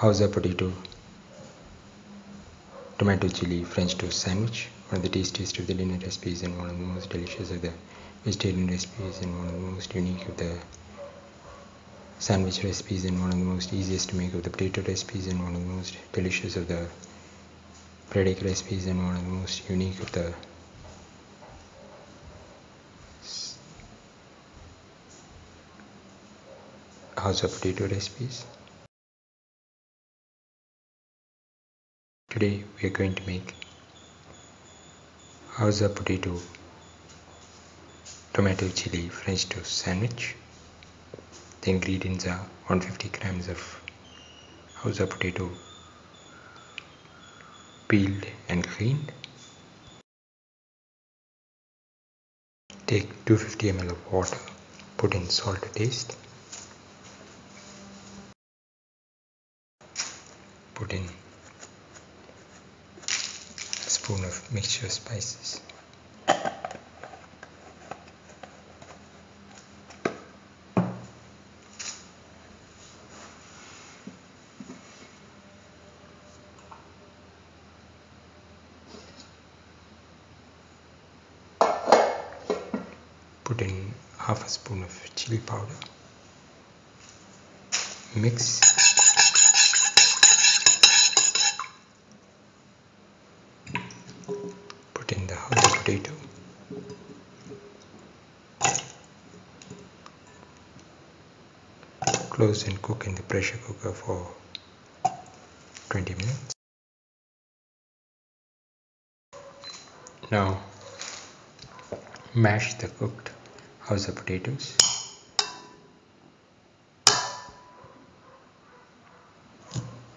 how's a potato tomato chili french toast sandwich one of the tastiest of the dinner recipes and one of the most delicious of the vegetarian recipes and one of the most unique of the sandwich recipes and one of the most easiest to make of the potato recipes and one of the most delicious of the bread egg recipes and one of the most unique of the house of potato recipes today we are going to make how's a potato tomato chili french toast sandwich the ingredients are 150 grams of how's a potato peeled and cleaned take 250 ml of water put in salt to taste put in tablespoon of mixture spices. put in half a spoon of chili powder mix peppers and cook in the pressure cooker for 20 minutes. Now mash the cooked house of potatoes.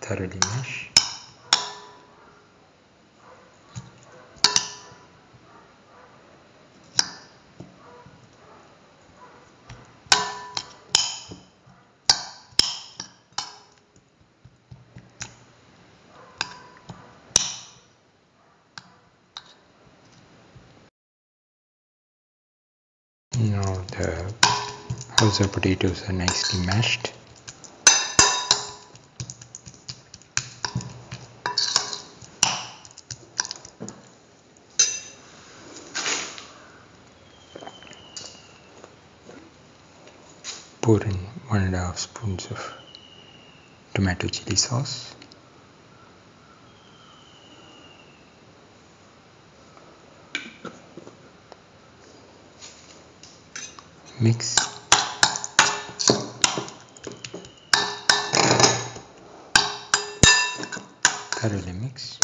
Thoroughly mash. since our potatoes are nicely mashed pour in one and a half spoons of tomato chili sauce mix Kareli mix.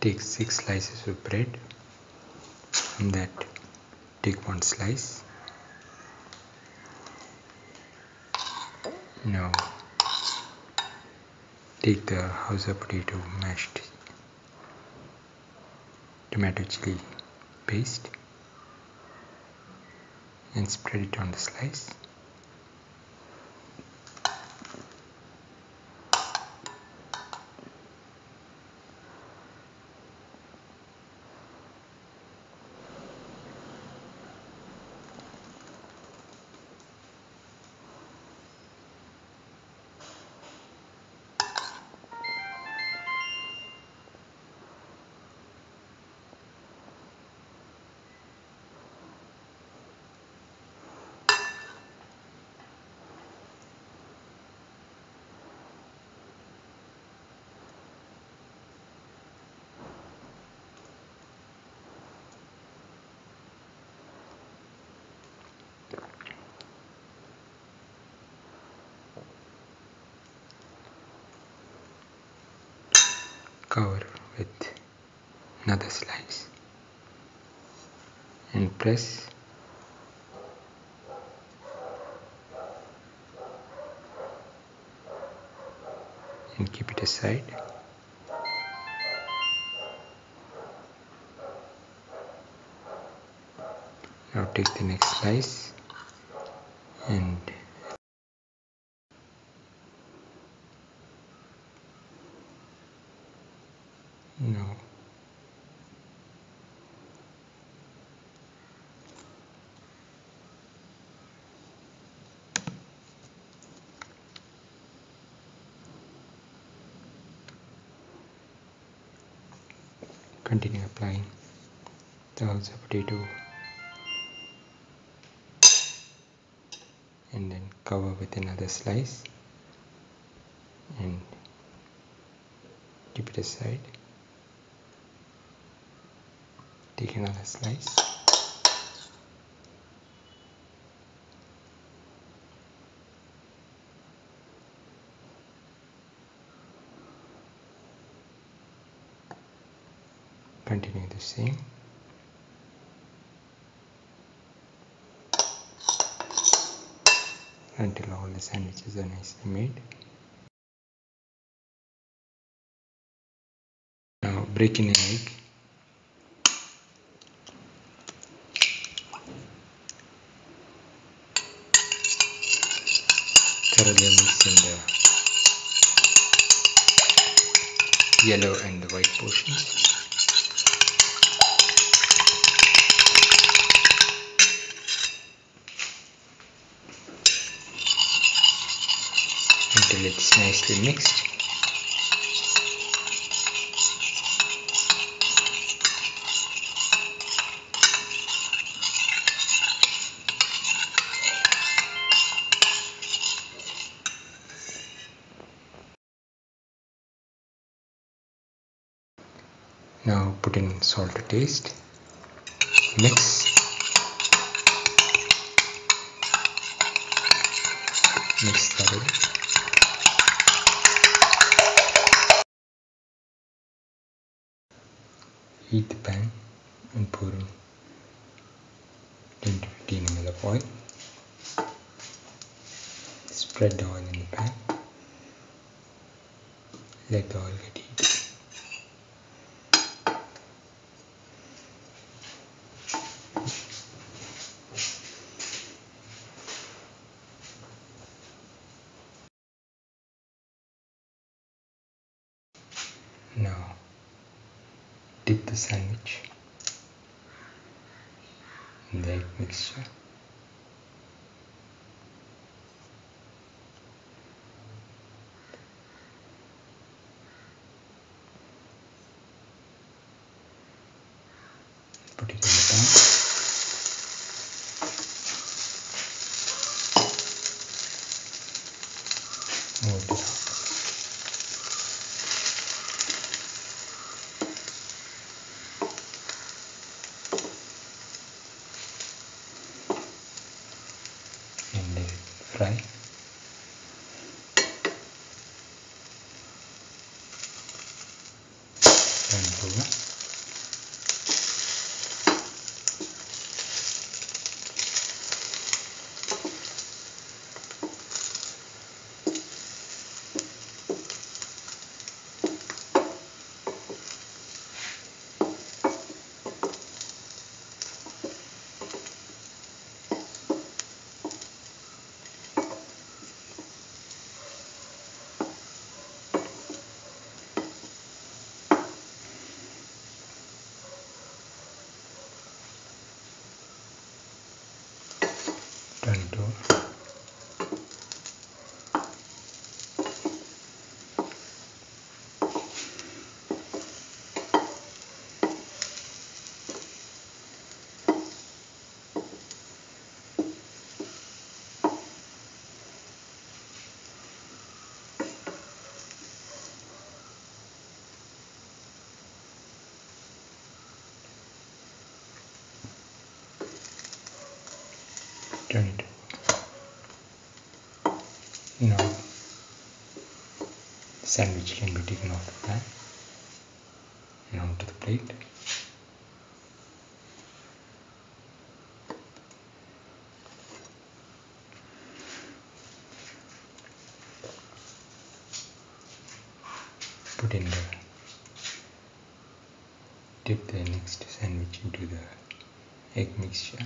Take 6 slices of bread from that take one slice now take the house potato mashed tomato chili paste and spread it on the slice cover with another slice and press and keep it aside now take the next slice and continue applying the also potato and then cover with another slice and keep it aside take another slice continue the same until all the sandwiches are nicely made now break in an egg thoroughly mix in the yellow and the white portions until it's nicely mixed Now put in salt to taste, mix mix thoroughly. heat the pan and pour in 10 to 15 ml of oil spread the oil in the pan let the oil get heated now dip the sandwich in the egg mixture. Put it in the pan. Move it out. temple straight. Now, sandwich can be taken off the pan and onto the plate. Put in the dip the next sandwich into the egg mixture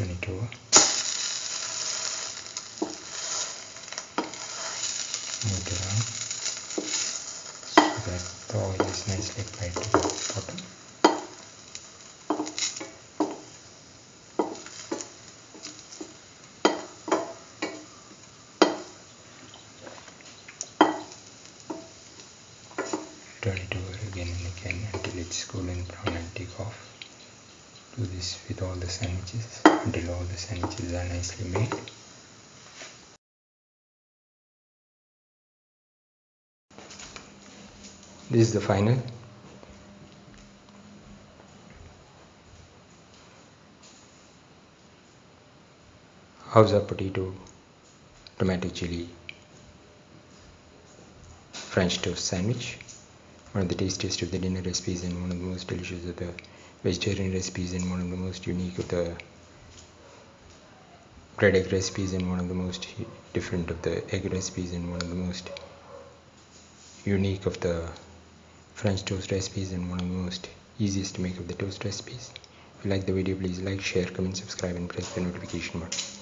22 this with all the sandwiches until all the sandwiches are nicely made this is the final how's a potato tomato chili french toast sandwich one of the tastiest of the dinner recipes and one of the most delicious of the vegetarian recipes and one of the most unique of the fried egg recipes and one of the most different of the egg recipes and one of the most unique of the french toast recipes and one of the most easiest to make of the toast recipes if you like the video please like share comment subscribe and press the notification button